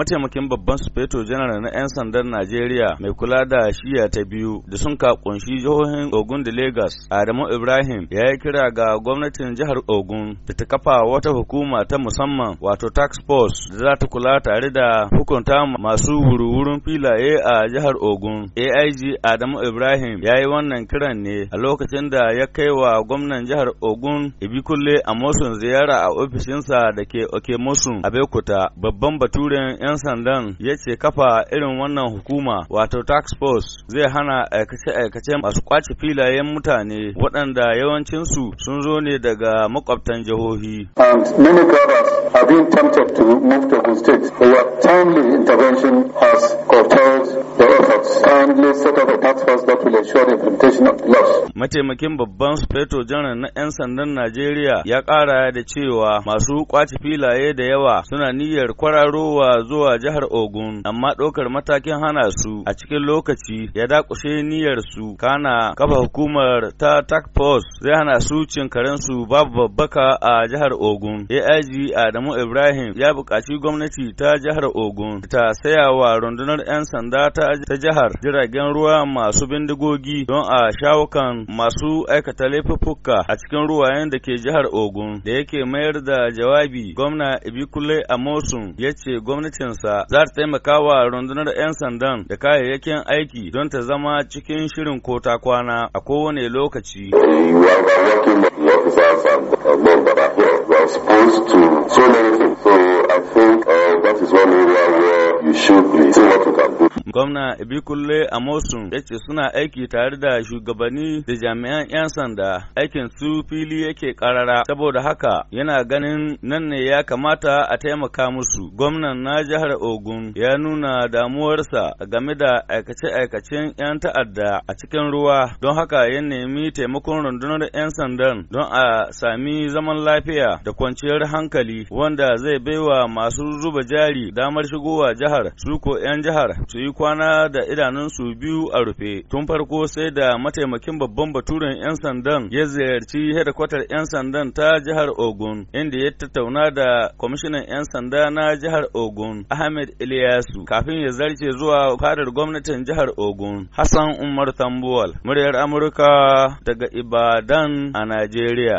mataimakin babban sufeto janar na 'yan sandan Najeriya mai kula da shiya ta biyu da sun ka kunshi jihohin Ogun da legas. Adamu Ibrahim ya yi kira ga gwamnatin jihar Ogun da ta kafa wata hukuma ta musamman wato tax force da za ta kula tare da hukunta masu wuri wurin filaye a jihar Ogun. AIG Adamu Ibrahim ya yi wannan kiran ne a lokacin da ya kai wa gwamnan jihar Ogun a Amosun ziyara a ofishinsa da ke a Bekuta babban baturen 'yan 'yan sandan ya ce kafa irin wannan hukuma wato tax force zai hana aikace-aikace masu kwace filayen mutane waɗanda yawancinsu sun zo ne daga makwabtan jihohi. And many brothers have been tempted to move to the state. Our timely intervention has curtailed the Mataimakin babban Sufeto Janar na 'yan sandan Najeriya ya ƙara da cewa masu kwaci filaye da yawa suna niyyar kwararowa zuwa jihar Ogun amma ɗaukar matakin hana su a cikin lokaci ya dakushe niyyar su kana kafa hukumar ta task force zai hana su cin karensu babu babbaka a jihar Ogun. AIG Adamu Ibrahim ya buƙaci gwamnati ta jihar Ogun ta sayawa rundunar 'yan sanda ta jihar jihar jiragen ruwa masu bindigogi don a shawukan masu aikata laifuffuka a cikin ruwayen da ke jihar Ogun da yake mayar da jawabi gwamna Ibikule Amosun ya ce gwamnatinsa za ta taimaka wa rundunar 'yan sandan da kayayyakin aiki don ta zama cikin shirin ko ta kwana a kowane lokaci. So many things. So I think uh, that is one area where you should be. See what Gwamna Ibikulle Amosun ya ce suna aiki tare da shugabanni da jami'an 'yan sanda aikin su fili yake karara saboda haka yana ganin nan ne ya kamata a taimaka musu. Gwamnan na jihar Ogun ya nuna damuwarsa game da aikace-aikacen 'yan ta'adda a cikin ruwa don haka ya nemi taimakon rundunar 'yan sandan don a sami zaman lafiya da kwanciyar hankali wanda zai baiwa masu zuba jari damar shigowa jihar su ko 'yan jihar su yi kwana da idanunsu biyu a rufe tun farko sai da mataimakin babban baturen 'yan sandan ya ziyarci hedikwatar 'yan sandan ta jihar ogun inda ya tattauna da kwamishinan 'yan sanda na jihar ogun ahmed iliyasu kafin ya zarce zuwa fadar gwamnatin jihar ogun hassan umar tambuwal muryar amurka daga ibadan a najeriya